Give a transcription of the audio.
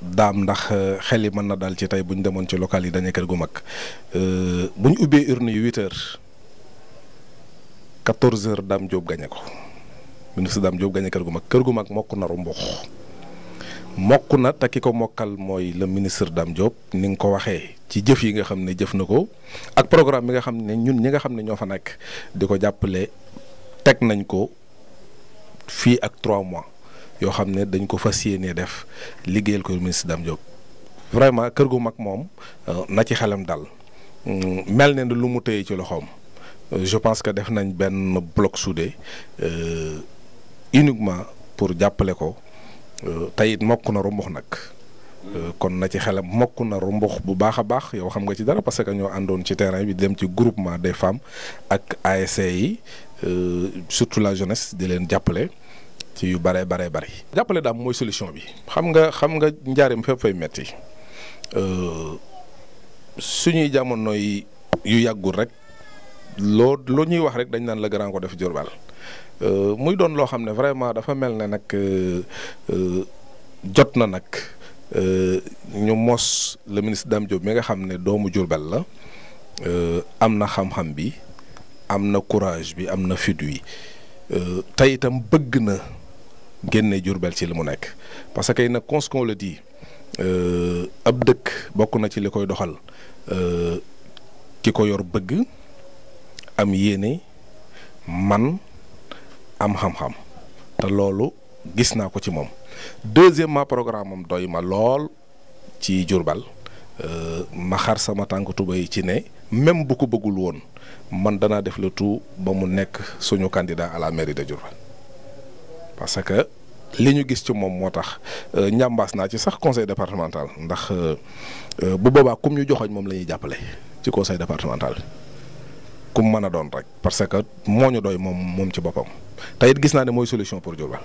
daam ndax euh, xel yi mën na daal ci tey bu ñu demoon ci local yi dañuy kër gu mag euh, bu ñu ubbee urne yi huit heures quatorze heures Dame Diop gañe ko ministre Dame Diop gañe kër gu mag kër gu mag mokk na rumbux mokk na te ki ko mokkal mooy le ministre Dame Diop ni nga ko waxee ci jëf yi nga xam ne jëf na ko ak programme bi nga xam ne ñun ñi nga xam ne ñoo fa nekk di ko jàppale teg nañ ko fii ak trois mois. yoo xam ne dañ ko fas yéenee def liggéeyal ko ministre Dame Diop vraiment kër gu mag moom euh, na ci xelam dal mm, mel ne lu mu téye ci loxoom euh, je pense que def nañ benn bloc soudé euh, uniquement pour jàppale ko teyit mokk na rumbux nag kon na ci xelam mokk na rumbux bu baax a baax yow xam nga ci dara parce que ñoo àndoon ci terrain bi dem ci groupement des femmes ak ASC e yi surtout la jeunesse di leen jàppale ci yu bare bare bari jàppale daam mooy solution bi xam nga xam nga njaarim fépp fay metti euh, suñuy jamono yi yu yàggul rek loo loo ñuy wax rek dañ naan la grand ko def Diourbel euh, muy doon loo xam ne vraiment dafa mel ne nag euh, jot na nag ñu mos le ministre Dame Diop mi nga xam ne doomu Diourbel la am na xam-xam bi am na courage bi am na fit wi tey itam bëgg na. génne Diourbel ci li mu nekk parce que nag qu'on qu'on le dit euh, ab dëkk bokk na ci li koy doxal euh, ki ko yor bëgg am yéene man am xam-xam te loolu gis naa ko ci moom deuxièmement programme am doy ma lool ci Diourbel euh, ma xar sama tànk tubéy ci ne même bu ko bëggul woon man danaa def le tout ba mu nekk suñu candidat à la mairie de parce que li ñu gis ci moom moo tax ñambaas euh, naa ci sax conseil départemental ndax euh, euh, bu boobaa kum ñu joxoñ moom la ñuy jàppale ci conseil départemental kum mën a doon rek parce que moo ñu doy moom moom ci boppam te it gis naa ne mooy solution pour Diourbel